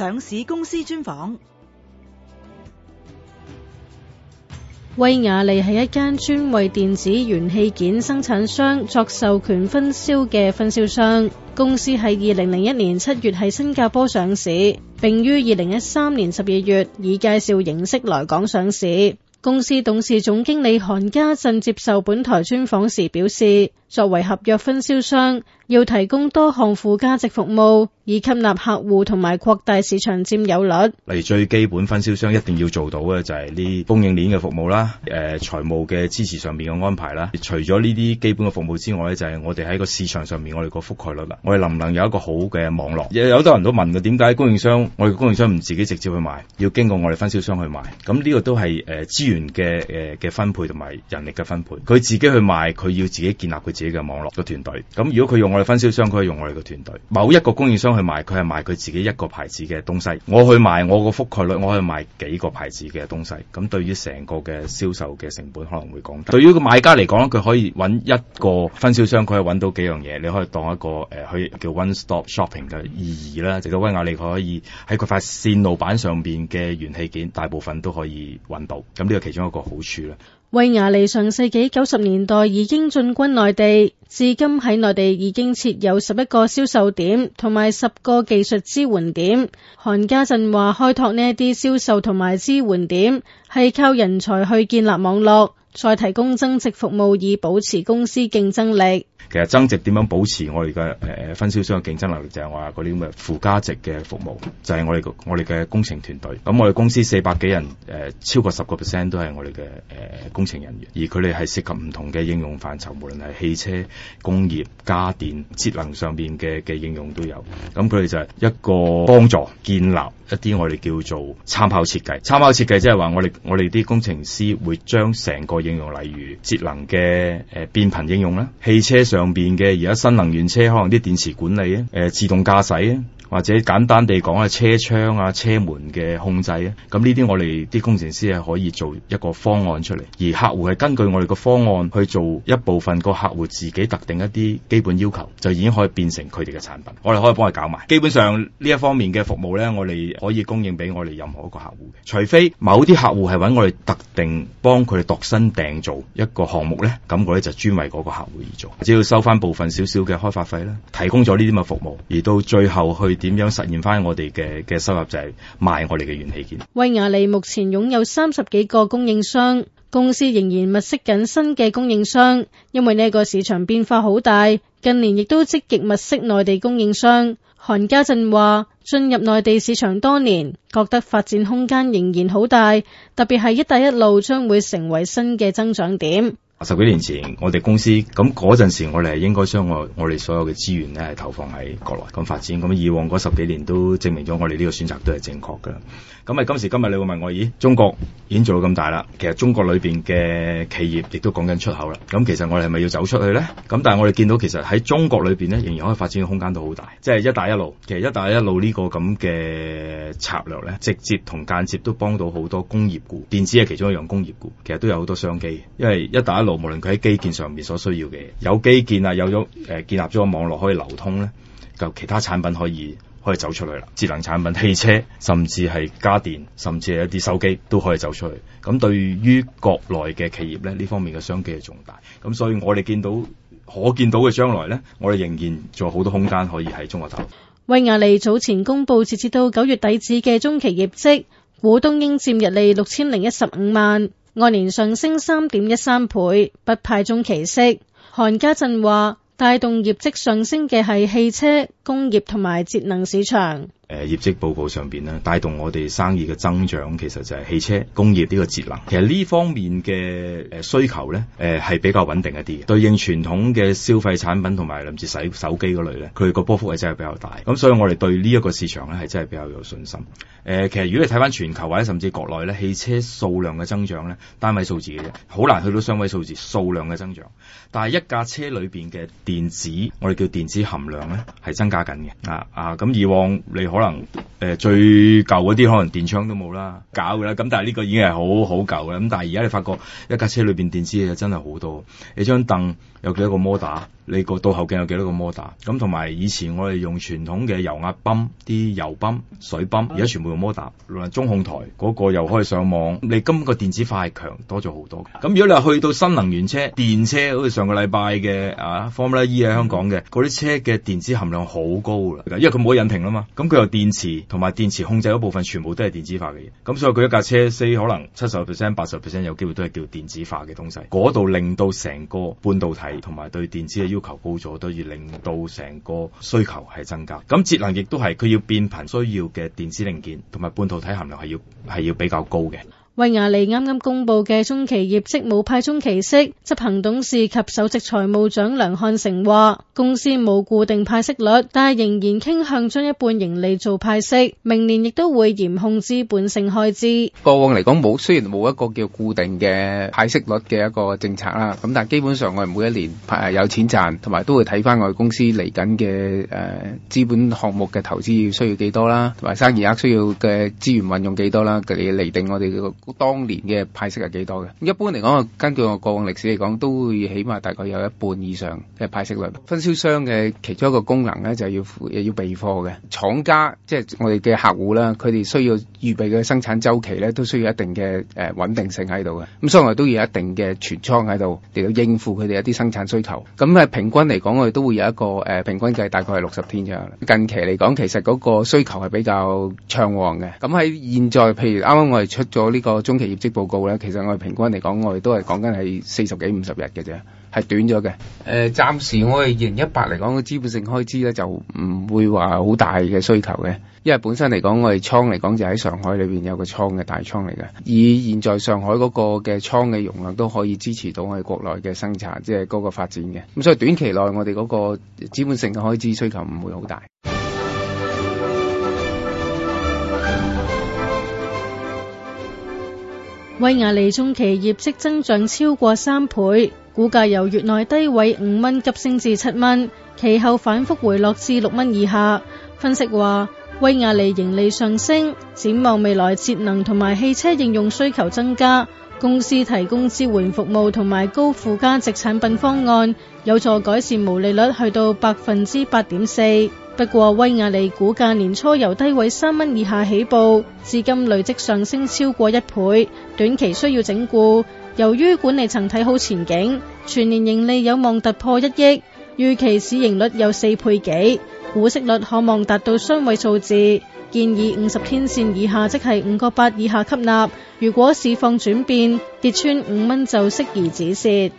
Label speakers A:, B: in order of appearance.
A: 上市公司專訪，威雅利係一間專為電子元器件生產商作授權分銷嘅分銷商。公司喺二零零一年七月喺新加坡上市，並於二零一三年十二月以介紹形式來港上市。公司董事總經理韓家振接受本台專訪時表示。作為合約分銷商，要提供多項附加值服務，以吸納客戶同埋擴大市場佔有率。
B: 例如最基本分銷商一定要做到嘅就係呢供應鏈嘅服務啦，誒、呃、財務嘅支持上面嘅安排啦。除咗呢啲基本嘅服務之外咧，就係、是、我哋喺個市場上面我哋個覆蓋率啦，我哋能唔能有一個好嘅網絡？有好多人都問嘅，點解供應商我哋供應商唔自己直接去賣，要經過我哋分銷商去賣？咁呢個都係誒、呃、資源嘅誒嘅分配同埋人力嘅分配。佢自己去賣，佢要自己建立佢。自己嘅網絡個團隊，咁如果佢用我哋分銷商，佢係用我哋嘅團隊。某一個供應商去賣，佢係賣佢自己一個牌子嘅東西。我去賣我個覆蓋率，我係賣幾個牌子嘅東西。咁對於成個嘅銷售嘅成本可能會降低。對於個買家嚟講，佢可以揾一個分銷商，佢係揾到幾樣嘢。你可以當一個誒、去、呃、叫 one stop shopping 嘅意義啦。直到威雅利，佢可以喺佢塊線路板上邊嘅元器件，大部分都可以揾到。咁呢個其中一個好處咧。
A: 威雅利上世紀九十年代已經進軍內地，至今喺內地已經設有十一個銷售點同埋十個技術支援點。韓家振話開拓呢一啲銷售同埋支援點，係靠人才去建立網絡。再提供增值服務以保持公司競爭力。
B: 其實增值點樣保持我哋嘅誒誒分銷商嘅競爭力，就係話嗰啲咁嘅附加值嘅服務，就係我哋我哋嘅工程團隊。咁我哋公司四百幾人，誒超過十個 percent 都係我哋嘅誒工程人員，而佢哋係涉及唔同嘅應用範疇，無論係汽車、工業、家電、節能上面嘅嘅應用都有。咁佢哋就係一個幫助建立。一啲我哋叫做參考設計，參考設計即係話我哋我哋啲工程師會將成個應用，例如節能嘅誒、呃、變頻應用啦，汽車上邊嘅而家新能源車可能啲電池管理啊，誒、呃、自動駕駛啊。或者簡單地講啊，車窗啊、車門嘅控制啊。咁呢啲我哋啲工程師係可以做一個方案出嚟，而客戶係根據我哋個方案去做一部分個客戶自己特定一啲基本要求，就已經可以變成佢哋嘅產品，我哋可以幫佢搞埋。基本上呢一方面嘅服務呢，我哋可以供應俾我哋任何一個客戶嘅，除非某啲客戶係揾我哋特定幫佢哋度身訂造一個項目呢，咁我哋就專為嗰個客戶而做，只要收翻部分少少嘅開發費啦，提供咗呢啲嘅服務，而到最後去。點樣實現翻我哋嘅嘅收入就係、是、賣我哋嘅元器件。
A: 威雅利目前擁有三十幾個供應商，公司仍然物色緊新嘅供應商，因為呢一個市場變化好大。近年亦都積極物色內地供應商。韓家振話，進入內地市場多年，覺得發展空間仍然好大，特別係一帶一路將會成為新嘅增長點。
B: 十幾年前，我哋公司咁嗰陣時，我哋係應該將我我哋所有嘅資源咧，係投放喺國內咁發展。咁以往嗰十幾年都證明咗我哋呢個選擇都係正確嘅。咁啊，今時今日你會問我，咦？中國已經做到咁大啦，其實中國裏面嘅企業亦都講緊出口啦。咁其實我哋係咪要走出去呢？咁但係我哋見到其實喺中國裏面呢仍然可以發展嘅空間都好大。即係一帶一路，其實一帶一路呢個咁嘅策略呢，直接同間接都幫到好多工業股，電子係其中一樣工業股，其實都有好多商機。因為一帶一路。無論佢喺基建上面所需要嘅有基建啊，有咗誒、呃、建立咗個網絡可以流通咧，就其他產品可以可以走出去啦。智能產品、汽車，甚至係家電，甚至係一啲手機都可以走出去。咁對於國內嘅企業咧，呢方面嘅商機係重大。咁所以我哋見到可見到嘅將來咧，我哋仍然仲有好多空間可以喺中國走。
A: 威雅利早前公布截至到九月底止嘅中期業績，股東應佔溢利六千零一十五萬。按年上升三點一三倍，不派中期息。韓家振話，帶動業績上升嘅係汽車、工業同埋節能市場。
B: 業績報告上邊咧，帶動我哋生意嘅增長，其實就係汽車工業呢個節能。其實呢方面嘅需求咧，係、呃、比較穩定一啲嘅。對應傳統嘅消費產品同埋甚至洗手機嗰類咧，佢個波幅係真係比較大。咁所以我哋對呢一個市場咧係真係比較有信心。呃、其實如果你睇翻全球或者甚至國內咧，汽車數量嘅增長咧，單位數字嘅啫，好難去到雙位數字數量嘅增長。但係一架車裏面嘅電子，我哋叫電子含量咧，係增加緊嘅。啊啊，咁以往你可。可能誒、呃、最舊嗰啲可能電槍都冇啦，搞噶啦。咁但係呢個已經係好好舊啦。咁但係而家你發覺一架車裏邊電子嘢真係好多，你張凳。有幾多個摩打？你到個倒後鏡有幾多個摩打？咁同埋以前我哋用傳統嘅油壓泵，啲油泵、水泵，而家全部用摩打。無論中控台嗰個又可以上網，你今個電子化係強多咗好多。咁如果你話去到新能源車、電車，好似上個禮拜嘅啊 Formula E 喺香港嘅，嗰啲車嘅電子含量好高啦，因為佢冇引擎啦嘛，咁佢有電池同埋電池控制嗰部分，全部都係電子化嘅嘢。咁所以佢一架車，四可能七十 percent、八十 percent 有機會都係叫電子化嘅東西，嗰度令到成個半導體。同埋對電子嘅要求高咗，都要令到成個需求係增加。咁節能亦都係佢要變頻需要嘅電子零件同埋半導體含量係要係要比較高嘅。
A: 威雅利啱啱公布嘅中期業績冇派中期息，執行董事及首席財務長梁漢成話，公司冇固定派息率，但係仍然傾向將一半盈利做派息，明年亦都會嚴控資本性開支。
C: 過往嚟講冇，雖然冇一個叫固定嘅派息率嘅一個政策啦，咁但係基本上我哋每一年派有錢賺，同埋都會睇翻，我哋公司嚟緊嘅誒資本項目嘅投資要需要幾多啦，同埋生意額需要嘅資源運用幾多啦，佢哋嚟定我哋嘅個。當年嘅派息係幾多嘅？一般嚟講，根據我過往歷史嚟講，都會起碼大概有一半以上嘅派息率。分銷商嘅其中一個功能咧，就是、要要備貨嘅。廠家即係、就是、我哋嘅客戶啦，佢哋需要預備嘅生產周期咧，都需要一定嘅誒、呃、穩定性喺度嘅。咁所以我哋都要有一定嘅存倉喺度嚟到應付佢哋一啲生產需求。咁啊，平均嚟講，我哋都會有一個誒、呃、平均計，大概係六十天咋。近期嚟講，其實嗰個需求係比較暢旺嘅。咁喺現在，譬如啱啱我哋出咗呢、這個。個中期業績報告咧，其實我哋平均嚟講，我哋都係講緊係四十幾五十日嘅啫，係短咗嘅。誒、呃，暫時我哋二零一八嚟講嘅資本性開支咧，就唔會話好大嘅需求嘅，因為本身嚟講，我哋倉嚟講就喺上海裏邊有個倉嘅大倉嚟嘅，以現在上海嗰個嘅倉嘅容量都可以支持到我哋國內嘅生產，即係嗰個發展嘅。咁所以短期內我哋嗰個資本性嘅開支需求唔會好大。
A: 威雅利中期業績增長超過三倍，股價由月內低位五蚊急升至七蚊，其後反覆回落至六蚊以下。分析話，威雅利盈利上升，展望未來節能同埋汽車應用需求增加，公司提供支援服務同埋高附加值產品方案，有助改善毛利率去到百分之八點四。不過，威亞利股價年初由低位三蚊以下起步，至今累積上升超過一倍，短期需要整固。由於管理層睇好前景，全年盈利有望突破一億，預期市盈率有四倍幾，股息率可望達到雙位數字。建議五十天線以下即係五個八以下吸納，如果市況轉變，跌穿五蚊就適宜止蝕。